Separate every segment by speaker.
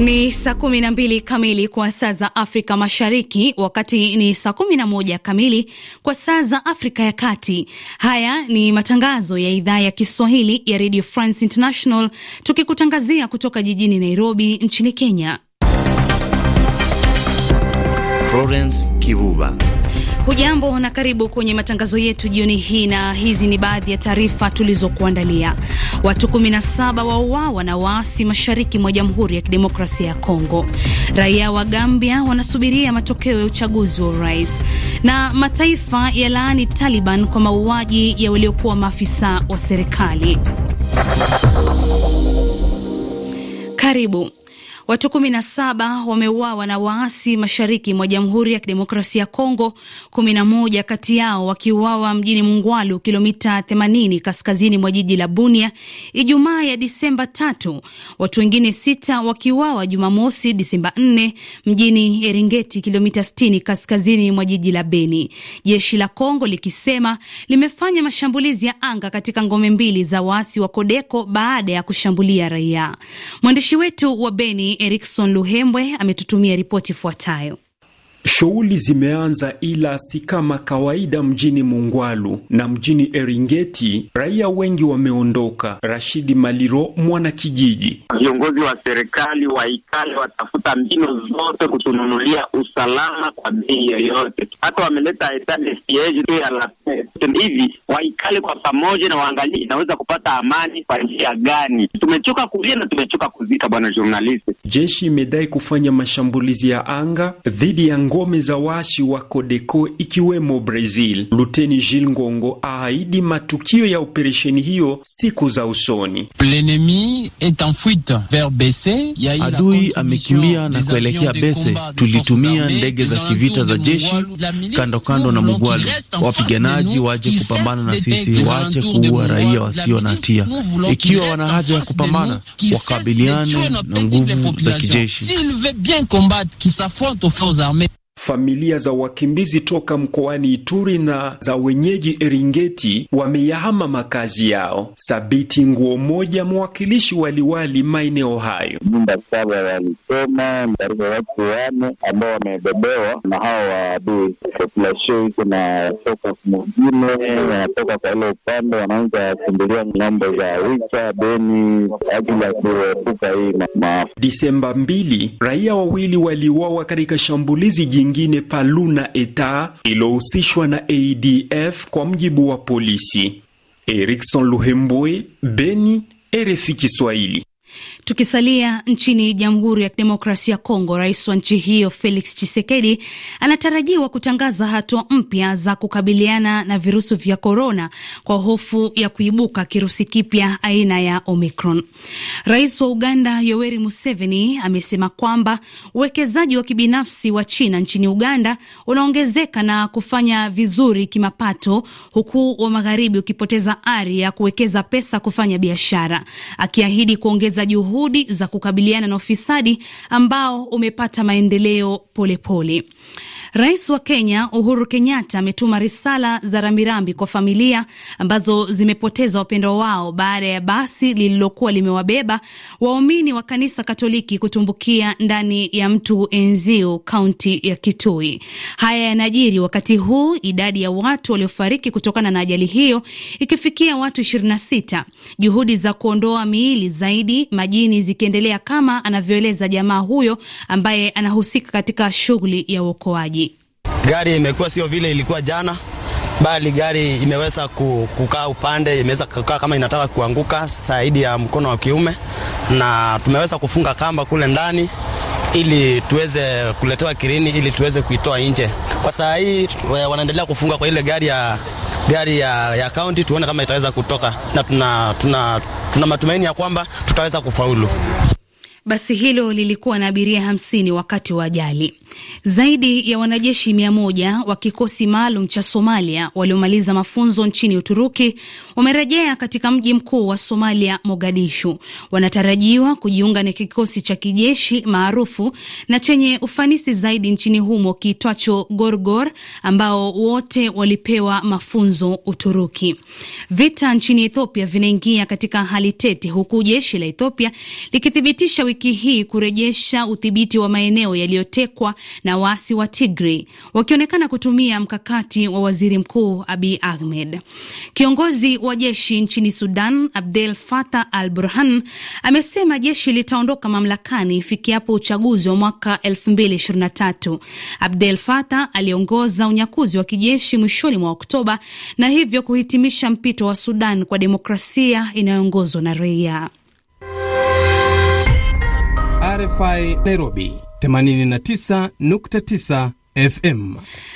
Speaker 1: Ni saa 12 kamili kwa saa za Afrika Mashariki, wakati ni saa 11 kamili kwa saa za Afrika ya Kati. Haya ni matangazo ya idhaa ya Kiswahili ya Radio France International, tukikutangazia kutoka jijini Nairobi nchini Kenya.
Speaker 2: Florence Kivuva
Speaker 1: Hujambo na karibu kwenye matangazo yetu jioni hii, na hizi ni baadhi ya taarifa tulizokuandalia. Watu 17 wauawa na waasi mashariki mwa Jamhuri ya Kidemokrasia ya Kongo. Raia wa Gambia wanasubiria matokeo ya uchaguzi wa urais, na mataifa ya laani Taliban kwa mauaji ya waliokuwa maafisa wa serikali. Karibu. Watu kumi na saba wameuawa na waasi mashariki mwa Jamhuri ya Kidemokrasia ya Kongo, kumi na moja kati yao wakiuawa mjini Mungwalu, kilomita 80 kaskazini mwa jiji la Bunia Ijumaa ya Disemba tatu, watu wengine sita wakiuawa Jumamosi Disemba 4 mjini Eringeti, kilomita 60 kaskazini mwa jiji la Beni, jeshi la Kongo likisema limefanya mashambulizi ya anga katika ngome mbili za waasi wa Kodeko baada ya kushambulia raia. Mwandishi wetu wa Beni Erikson Luhembwe ametutumia ripoti ifuatayo.
Speaker 3: Shughuli zimeanza ila si kama kawaida mjini Mungwalu na mjini Eringeti, raia wengi wameondoka. Rashidi Maliro, mwana kijiji: viongozi wa serikali waikale, watafuta mbinu zote kutununulia usalama kwa bei yoyote. Hata wameleta hivi, waikale kwa pamoja na waangalie inaweza kupata amani kwa njia gani. Tumechoka kulia na tumechoka kuzika, bwana journalist. Jeshi imedai kufanya mashambulizi ya anga dhidi ya ngome za waasi wa kodeko ikiwemo Brazil. Luteni Gilles Ngongo ahaidi matukio ya operesheni hiyo siku za usoni.
Speaker 2: Adui amekimbia na kuelekea Bese. Tulitumia ndege za kivita za jeshi kando kando na Mugwalu. Wapiganaji waje kupambana na sisi, waache kuua raia wasio na hatia. Ikiwa wana haja ya kupambana, wakabiliane na nguvu za kijeshi
Speaker 3: familia za wakimbizi toka mkoani Ituri na za wenyeji Eringeti wameyahama makazi yao. Sabiti Nguo Moja, mwakilishi waliwali maeneo
Speaker 2: hayo. Nyumba saba walisema karibu watu wane ambao wamebebewa na hawa waadui. Populasio iko na toka mwingine, wanatoka kwa ile upande, wanaanza kimbilia ng'ambo za Wicha Beni ajili ya kuepuka
Speaker 3: hii maafa. Disemba mbili raia wawili waliuawa katika shambulizi jingi pengine Paluna Eta ilohusishwa na ADF kwa mjibu wa polisi. Erikson Luhembwe, Beni, RFI Kiswahili.
Speaker 1: Tukisalia nchini Jamhuri ya Kidemokrasia ya Kongo, rais wa nchi hiyo Felix Tshisekedi anatarajiwa kutangaza hatua mpya za kukabiliana na virusi vya korona kwa hofu ya kuibuka kirusi kipya aina ya Omicron. Rais wa Uganda Yoweri Museveni amesema kwamba uwekezaji wa kibinafsi wa China nchini Uganda unaongezeka na kufanya vizuri kimapato, huku wa magharibi ukipoteza ari ya kuwekeza pesa kufanya biashara, akiahidi kuongeza juhu juhudi za kukabiliana na ufisadi ambao umepata maendeleo polepole pole. Rais wa Kenya Uhuru Kenyatta ametuma risala za rambirambi kwa familia ambazo zimepoteza wapendwa wao baada ya basi lililokuwa limewabeba waumini wa kanisa Katoliki kutumbukia ndani ya mtu Enzio, kaunti ya Kitui. Haya yanajiri wakati huu idadi ya watu waliofariki kutokana na ajali hiyo ikifikia watu 26, juhudi za kuondoa miili zaidi majini zikiendelea, kama anavyoeleza jamaa huyo ambaye anahusika katika shughuli ya uokoaji.
Speaker 2: Gari imekuwa sio vile ilikuwa jana, bali gari imeweza kukaa upande, imeweza kukaa kama inataka kuanguka zaidi ya mkono wa kiume, na tumeweza kufunga kamba kule ndani ili tuweze kuletewa kirini ili tuweze kuitoa nje. Kwa saa hii wanaendelea kufunga kwa ile gari ya gari ya, ya kaunti tuone kama itaweza kutoka na tuna, tuna, tuna matumaini ya kwamba tutaweza kufaulu.
Speaker 1: Basi hilo lilikuwa na abiria hamsini wakati wa ajali. Zaidi ya wanajeshi mia moja wa kikosi maalum cha Somalia waliomaliza mafunzo nchini Uturuki wamerejea katika mji mkuu wa Somalia, Mogadishu. Wanatarajiwa kujiunga na kikosi cha kijeshi maarufu na chenye ufanisi zaidi nchini humo kiitwacho Gorgor, ambao wote walipewa mafunzo Uturuki. Vita nchini Ethiopia vinaingia katika hali tete, huku jeshi la Ethiopia likithibitisha wiki hii kurejesha udhibiti wa maeneo yaliyotekwa na waasi wa tigri wakionekana kutumia mkakati wa waziri mkuu abi Ahmed. Kiongozi wa jeshi nchini Sudan Abdel fata al-Burhan amesema jeshi litaondoka mamlakani ifikiapo uchaguzi wa mwaka 2023. Abdel fata aliongoza unyakuzi wa kijeshi mwishoni mwa Oktoba na hivyo kuhitimisha mpito wa Sudan kwa demokrasia inayoongozwa na raia.
Speaker 2: RFI Nairobi 89.9 FM.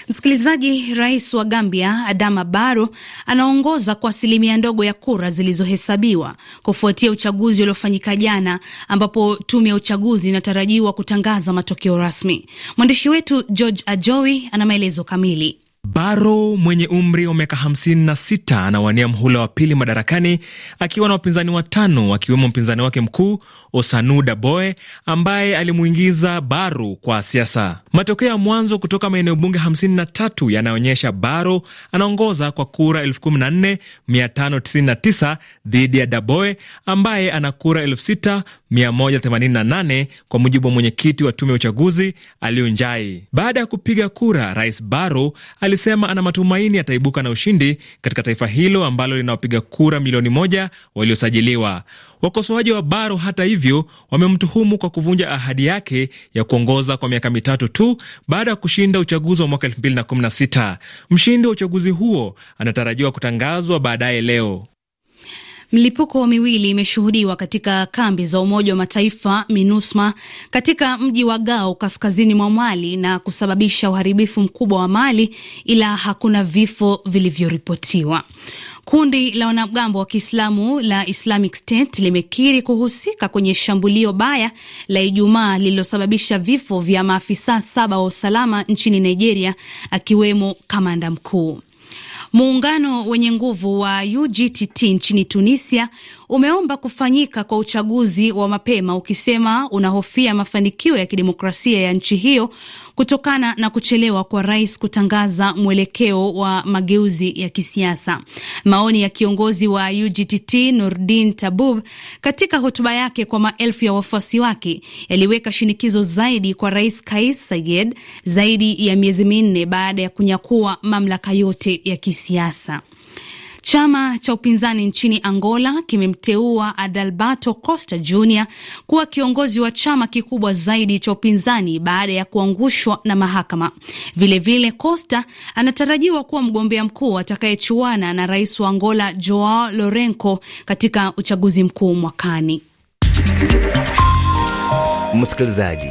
Speaker 1: Msikilizaji, rais wa Gambia Adama baro anaongoza kwa asilimia ndogo ya kura zilizohesabiwa kufuatia uchaguzi uliofanyika jana, ambapo tume ya uchaguzi inatarajiwa kutangaza matokeo rasmi. Mwandishi wetu George Ajowi ana maelezo kamili.
Speaker 3: Baro mwenye umri wa miaka 56 anawania mhula wa pili madarakani akiwa na wapinzani watano akiwemo mpinzani wake mkuu Osanu Daboe ambaye alimuingiza Baro kwa siasa. Matokeo ya mwanzo kutoka maeneo bunge 53 yanaonyesha Baro anaongoza kwa kura 14599 dhidi ya Daboe ambaye ana kura 6188 kwa mujibu wa mwenyekiti wa tume ya uchaguzi Aliunjai. Baada ya kupiga kura, Rais Baro alisema ana matumaini ataibuka na ushindi katika taifa hilo ambalo lina wapiga kura milioni moja waliosajiliwa. Wakosoaji wa Baro hata hivyo wamemtuhumu kwa kuvunja ahadi yake ya kuongoza kwa miaka mitatu tu baada ya kushinda uchaguzi wa mwaka 2016. Mshindi wa uchaguzi huo anatarajiwa kutangazwa baadaye leo.
Speaker 1: Mlipuko miwili imeshuhudiwa katika kambi za Umoja wa Mataifa MINUSMA katika mji wa Gao kaskazini mwa Mali na kusababisha uharibifu mkubwa wa mali, ila hakuna vifo vilivyoripotiwa. Kundi la wanamgambo wa Kiislamu la Islamic State limekiri kuhusika kwenye shambulio baya la Ijumaa lililosababisha vifo vya maafisa saba wa usalama nchini Nigeria, akiwemo kamanda mkuu. Muungano wenye nguvu wa UGTT nchini Tunisia umeomba kufanyika kwa uchaguzi wa mapema ukisema unahofia mafanikio ya kidemokrasia ya nchi hiyo kutokana na kuchelewa kwa rais kutangaza mwelekeo wa mageuzi ya kisiasa. Maoni ya kiongozi wa UGTT Nordin Tabub katika hotuba yake kwa maelfu ya wafuasi wake yaliweka shinikizo zaidi kwa Rais Kais Saied zaidi ya miezi minne baada ya kunyakua mamlaka yote ya kisiasa. Chama cha upinzani nchini Angola kimemteua Adalberto Costa Jr kuwa kiongozi wa chama kikubwa zaidi cha upinzani baada ya kuangushwa na mahakama. Vilevile Costa anatarajiwa kuwa mgombea mkuu atakayechuana na rais wa Angola Joao Lourenco katika uchaguzi mkuu mwakani.
Speaker 2: Msikilizaji,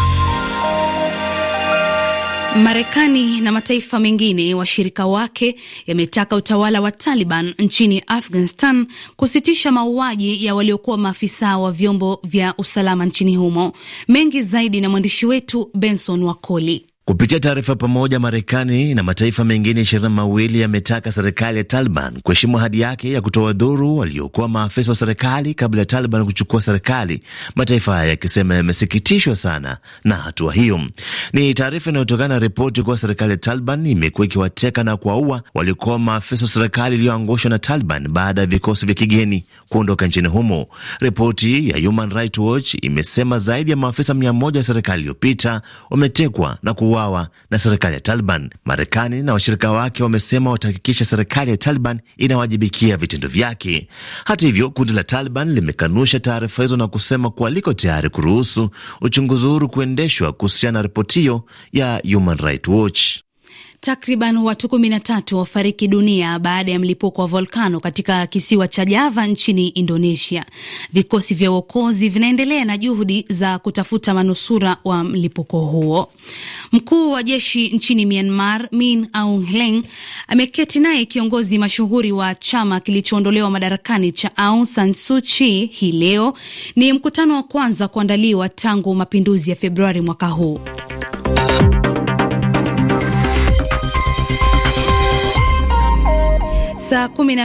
Speaker 1: Marekani na mataifa mengine washirika wake yametaka utawala wa Taliban nchini Afghanistan kusitisha mauaji ya waliokuwa maafisa wa vyombo vya usalama nchini humo. Mengi zaidi na mwandishi wetu Benson Wakoli.
Speaker 2: Kupitia taarifa pamoja, Marekani na mataifa mengine ishirini na mawili yametaka serikali ya Taliban kuheshimu ahadi yake ya kutoa dhuru waliokuwa maafisa wa serikali kabla ya Taliban kuchukua serikali, mataifa haya yakisema yamesikitishwa sana na hatua hiyo. Ni taarifa inayotokana na ripoti kuwa serikali ya Taliban imekuwa ikiwateka na kuwaua waliokuwa maafisa wa serikali iliyoangushwa na Taliban baada ya vikosi vya kigeni kuondoka nchini humo. Ripoti ya Human Rights Watch imesema zaidi ya maafisa mia moja wa serikali iliyopita wametekwa na kuwa kuuawa na serikali ya Taliban. Marekani na washirika wake wamesema watahakikisha serikali ya Taliban inawajibikia vitendo vyake. Hata hivyo, kundi la Taliban limekanusha taarifa hizo na kusema kuwa liko tayari kuruhusu uchunguzi huru kuendeshwa kuhusiana na ripoti hiyo ya Human Rights Watch.
Speaker 1: Takriban watu 13 wafariki dunia baada ya mlipuko wa volkano katika kisiwa cha Java nchini Indonesia. Vikosi vya uokozi vinaendelea na juhudi za kutafuta manusura wa mlipuko huo. Mkuu wa jeshi nchini Myanmar, Min Aung Hlaing, ameketi naye kiongozi mashuhuri wa chama kilichoondolewa madarakani cha Aung San Suu Kyi hii leo. Ni mkutano wa kwanza kuandaliwa tangu mapinduzi ya Februari mwaka huu. ساقمنا